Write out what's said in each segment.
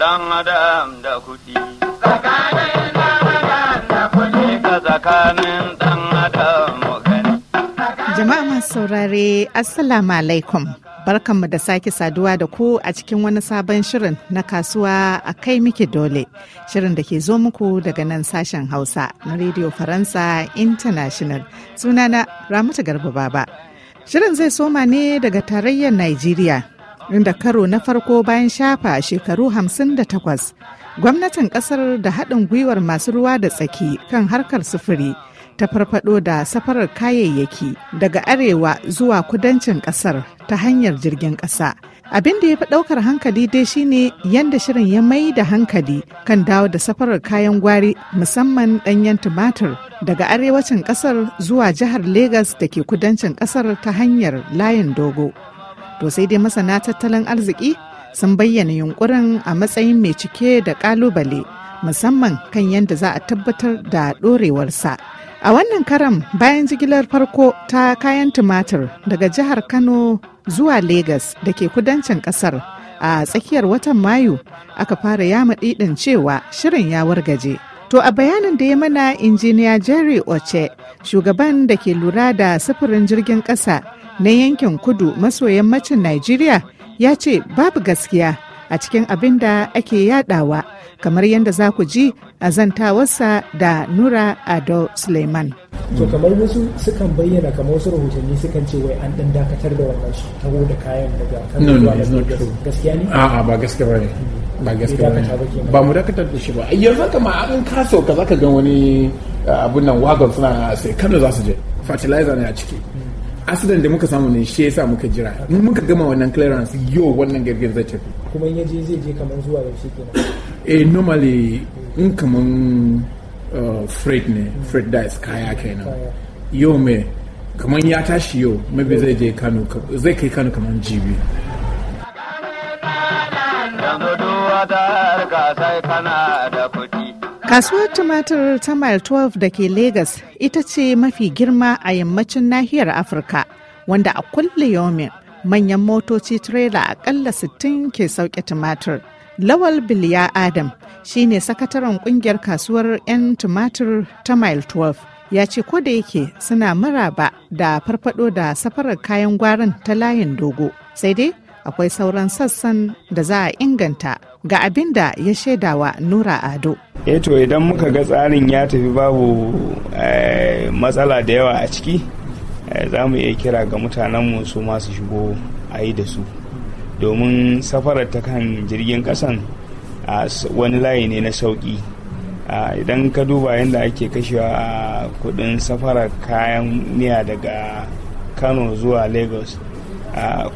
dan adam da kuɗi. Tsakanin dan adam da kuɗi. Tsakanin dan adam Jama'a masu saurare, Assalamu alaikum. Barkanmu da sake saduwa da ku a cikin wani sabon shirin na kasuwa a kai miki dole. Shirin da ke zo muku daga nan sashen Hausa na Radio Faransa International. Sunana Ramatu Garba Baba. Shirin zai soma ne daga tarayyar Najeriya. inda karo na farko bayan shafa shekaru 58 gwamnatin kasar da haɗin gwiwar masu ruwa da tsaki kan harkar sufuri ta farfado da safarar kayayyaki daga arewa zuwa kudancin kasar ta hanyar jirgin ƙasa. Abin da ya fi ɗaukar hankali dai shine yadda shirin ya mai da hankali kan dawo da safarar kayan gwari musamman ɗanyen tumatir daga arewacin ƙasar zuwa jihar Legas da ke kudancin ƙasar ta hanyar layin dogo. To sai dai masana tattalin arziki sun bayyana yunkurin a matsayin mai cike da kalubale musamman kan yadda za a tabbatar da ɗorewarsa. A wannan karam bayan jigilar farko ta kayan tumatir daga jihar Kano zuwa Legas da ke kudancin ƙasar a tsakiyar watan Mayu aka fara yama didin cewa shirin ya wargaje. To a bayanin da ya mana injiniya Jerry Oche, shugaban da ke lura da sufurin jirgin ƙasa na yankin kudu maso yammacin Najeriya ya ce babu gaskiya a cikin abin da ake yadawa kamar yadda za ku ji a zantawarsa da Nura Ado Suleiman. To kamar wasu sukan bayyana kamar wasu rahotanni sukan ce wai an dan dakatar da wannan shi ta da kayan daga kan zuwa da gaskiya ne? A'a ba gaskiya ba ne. Hmm. ba gaskiya ba ba mu dakatar da shi ba yanzu kama an kaso ka zaka ga wani eh, abun nan wagon suna sai kada za su je fertilizer ne a ciki accident da muka samu ne shi yasa muka jira mun muka gama wannan clearance yo wannan girgin zai tafi kuma in yaje zai je kaman zuwa shi kenan eh normally in kaman uh, freight ne freight dice kaya kenan yo me kaman ya tashi yau maybe zai je Kano zai kai Kano kaman jibi yanzu duwa ka harka sai kana da Kasuwar tumatir ta Mile 12 da ke Legas ita ce mafi girma a yammacin nahiyar Afirka wanda a kulle yomin manyan motoci trela akalla 60 ke sauke tumatir. Lawal Biliya Adam shi ne sakataren kungiyar kasuwar 'yan tumatir ta Mile 12 ya ce ko da yake suna maraba da farfado da safarar kayan gwarin ta layin dogo sai dai akwai sauran sassan da za a inganta ga abin da ya shaida wa nura ado eto eh idan muka ga tsarin ya tafi babu eh, matsala da yawa a ciki eh, za mu iya kira ga mutanenmu su masu shigo a yi da su domin safarar ta kan jirgin kasan wani layi ne na sauki idan ka duba yadda ake kashewa a kudin safarar kayan miya daga kano zuwa lagos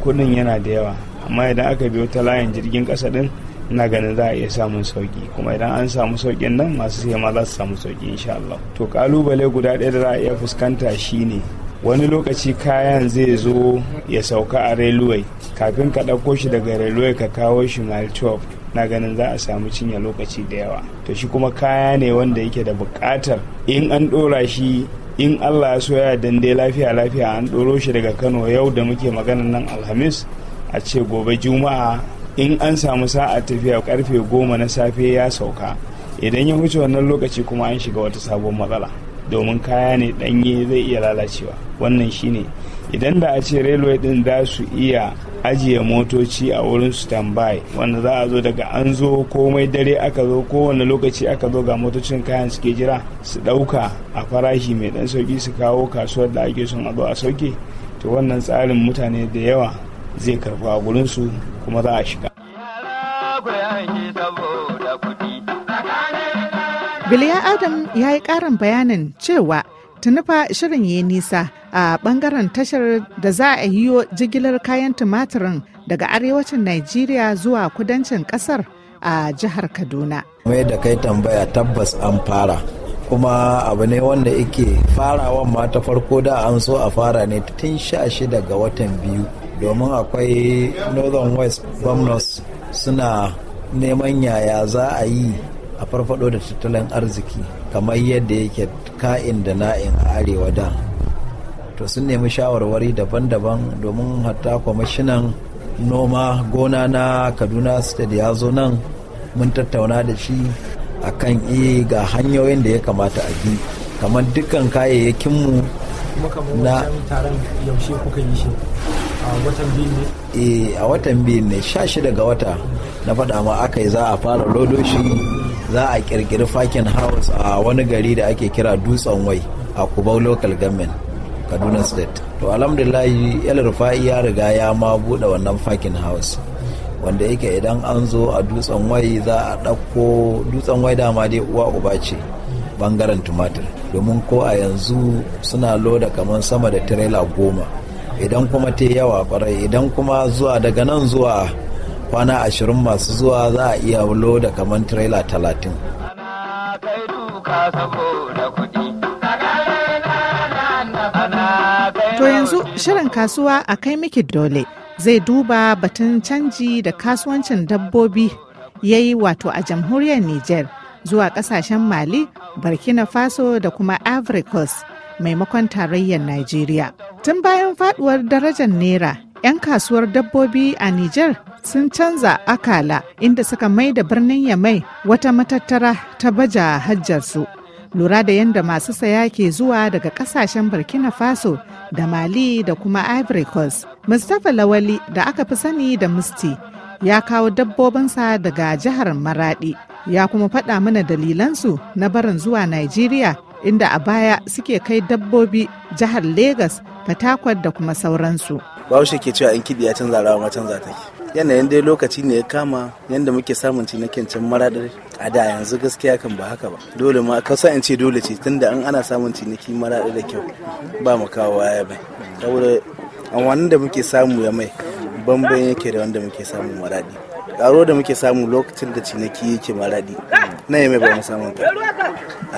kudin yana da yawa amma idan aka biyo ta layin jirgin kasa din na ganin za a iya samun sauki kuma idan an samu saukin nan masu siya ma za su samu sauki insha Allah to kalubale guda ɗaya da za a iya fuskanta shi ne wani lokaci kayan zai zo ya sauka a railway kafin ka ɗauko shi daga railway ka kawo shi mile 12 na ganin za a samu cinye lokaci da yawa to shi kuma kaya ne wanda yake da buƙatar in an ɗora shi in allah ya so ya dande lafiya lafiya an ɗoro shi daga kano yau da muke maganar nan alhamis a ce gobe juma'a in an samu sa'a tafiya karfe goma na safe ya sauka idan ya wuce wannan lokaci kuma an shiga wata sabon matsala domin kaya ne danye zai iya lalacewa wannan shine idan da a ce railway din za su iya ajiye motoci a wurin standby wanda za a zo daga an zo komai dare aka zo kowane lokaci aka zo ga motocin kayan suke jira su ɗauka a farashi mai ɗan sauki su kawo kasuwar da ake son a zo a sauke to wannan tsarin mutane da yawa zai karba a gurinsu kuma za a shiga. Biliya Adam ya yi ƙarin bayanin cewa tunufa shirin yi nisa a ɓangaren tashar da za a yiwo jigilar kayan tumatirin daga arewacin Najeriya zuwa kudancin ƙasar a jihar Kaduna. Mai da kai tambaya tabbas an fara kuma abu ne wanda yake farawan ma ta farko da an so a fara ne tun sha shida ga watan biyu domin akwai northern west gwamnos suna neman yaya za a yi a farfado da tattalin arziki kamar yadda yake ka'in da na'in a arewa da to sun nemi shawarwari daban-daban domin hatta kwamishinan noma gona na kaduna state ya zo nan mun tattauna da shi akan kan eh, ga hanyoyin da ya kamata a bi kamar dukkan kayayyakinmu kuma kamar wajen taron yaushe kuka yi shi a watan biyu ne eh a watan biyu ne sha shida ga wata na faɗa ma aka yi za a fara lodo shi za a kirkiri fakin house a wani gari da ake kira dutsen wai a kubau local government kaduna state to alhamdulillahi el rufa'i ya riga ya ma buɗe wannan fakin house wanda yake idan an zo a dutsen wai za a ɗauko dutsen wai dama dai uwa uba ce bangaren tumatir domin ko a yanzu suna loda kamar sama da tirela goma idan kuma te yawa kwarai idan kuma zuwa daga nan zuwa kwana ashirin masu zuwa za a iya loda kamar tirela talatin To yanzu shirin kasuwa a kai miki dole zai duba batun canji da kasuwancin dabbobi ya yi wato a jamhuriyar niger. zuwa kasashen mali burkina faso da kuma Coast maimakon tarayyar nigeria tun bayan faduwar darajar naira 'yan kasuwar dabbobi a niger sun canza akala inda suka mai da birnin yamai wata matattara ta baja hajjarsu lura da yadda masu saya ke zuwa daga kasashen burkina faso da mali da kuma ivory coast mustapha lawali da aka fi sani da musti ya kawo dabbobinsa daga jihar maradi ya kuma faɗa mana dalilansu na barin zuwa Najeriya inda a baya suke kai dabbobi jihar Legas, Fatakwal da kuma sauransu. Bahaushe ke cewa in kiɗi ya canza rawa ma canza take. Yanayin dai lokaci ne ya kama yadda muke samun na kyancin maradar a da yanzu gaskiya kan ba haka ba dole ma ka in ce dole ce tunda in ana samun ciniki maraɗi da kyau ba mu kawo waya bai saboda an wani da muke samu ya mai bambam yake da wanda muke samun maraɗi karo da muke samu lokacin da cinaki yake maradi na yame ba mu samun ta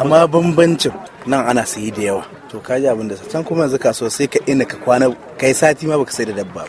amma bambancin nan ana sayi da yawa to ka ji abin da can kuma yanzu kasuwa sai ka ina ka kwana kai sati ma baka sai da dabba ba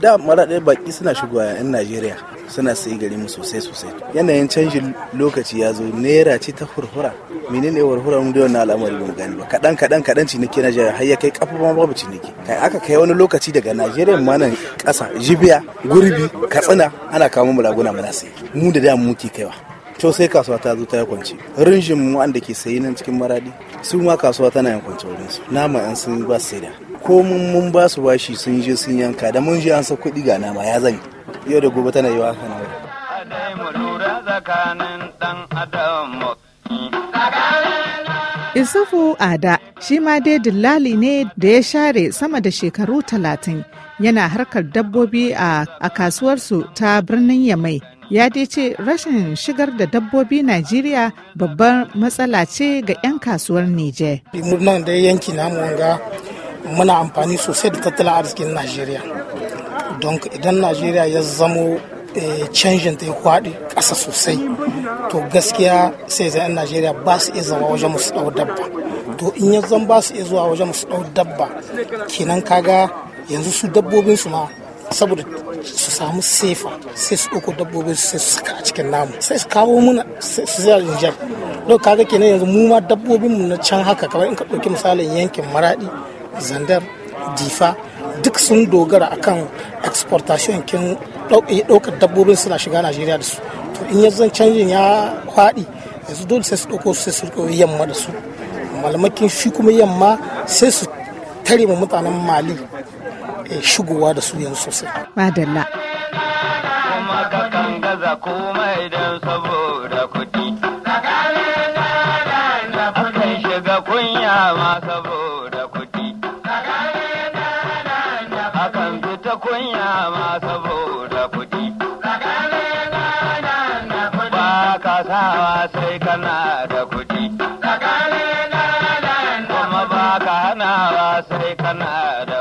da maraɗe baki suna shigowa yan najeriya suna sayi gari mu sosai sosai yanayin canjin lokaci ya zo Nera ce ta hurhura menene warhura mun da wannan al'amari mun gani ba kadan kadan kadan ciniki na najeriya har ya kai kafa ma babu ciniki kai aka kai wani lokaci daga Najeriya ma nan kasa jibiya gurbi katsina ana kawo mu laguna mu sai mu da da mu ke kaiwa to sai kasuwa ta zo ta kwanci rinjin mu wanda ke sayi nan cikin maradi su ma kasuwa tana yin wurin su nama an sun ba su saida ko mun mun ba su bashi sun je sun yanka da mun je an sa kuɗi ga nama ya zani yau da gobe tana yi wa mu lura tsakanin dan adam Yusufu Ada shi ma dai dillali ne da ya share sama da shekaru talatin yana harkar dabbobi a, a kasuwarsu ta birnin Yamai. Ya dai ce rashin shigar da dabbobi Najeriya babbar matsala ce ga 'yan kasuwar Nije. Murnan da yanki namu wanga muna amfani sosai da tattalin arzikin Najeriya. Don idan Najeriya ya zamo canjin ta ya kwaɗi ƙasa sosai to gaskiya sai zai 'yan najeriya ba su iya zama wajen musu ɗau dabba to in ya zan ba su iya zuwa wajen musu ɗau dabba kenan kaga yanzu su dabbobin su ma saboda su samu sefa sai su ɗauko dabbobin su sai su saka a cikin namu sai su kawo mana su zai rinjar don kaga kenan yanzu mu ma dabbobin mu na can haka kamar in ka ɗauki misalin yankin maraɗi zandar difa duk sun dogara akan exportation kin Eh, ɗaukar dabbobin suna shiga najeriya da su to in yanzu canjin ya faɗi yanzu dole sai su ɗauko sai su yamma da su malamakin shi kuma yamma sai su tare mu mutanen mali eh, shigowa da su yanzu sosai madalla saboda kuɗi. shiga kunya ma saboda akan bi ta kunya ma saboda kuɗi. Ba ka sawa sai kana da kuɗi. Kuma ba ka hanawa sai kana da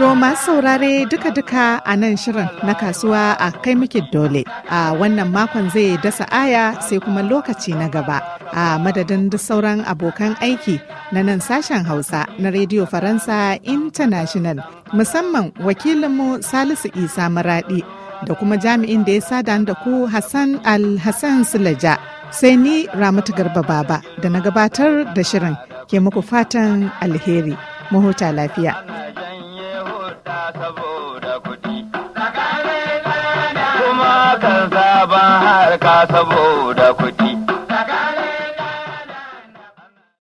To masu saurare duka-duka a nan shirin na kasuwa a kai muke dole a wannan makon zai dasa aya sai kuma lokaci na gaba a madadin duk sauran abokan aiki na nan sashen hausa na Radio Faransa International musamman wakilinmu Salisu Isa Maradi da kuma jami'in da ya sada da ku Hassan Al-Hassan Sulaja sai ni Ramatu Garba Baba da na gabatar da shirin ke muku fatan alheri. Mu huta lafiya. har ka saboda kuɗi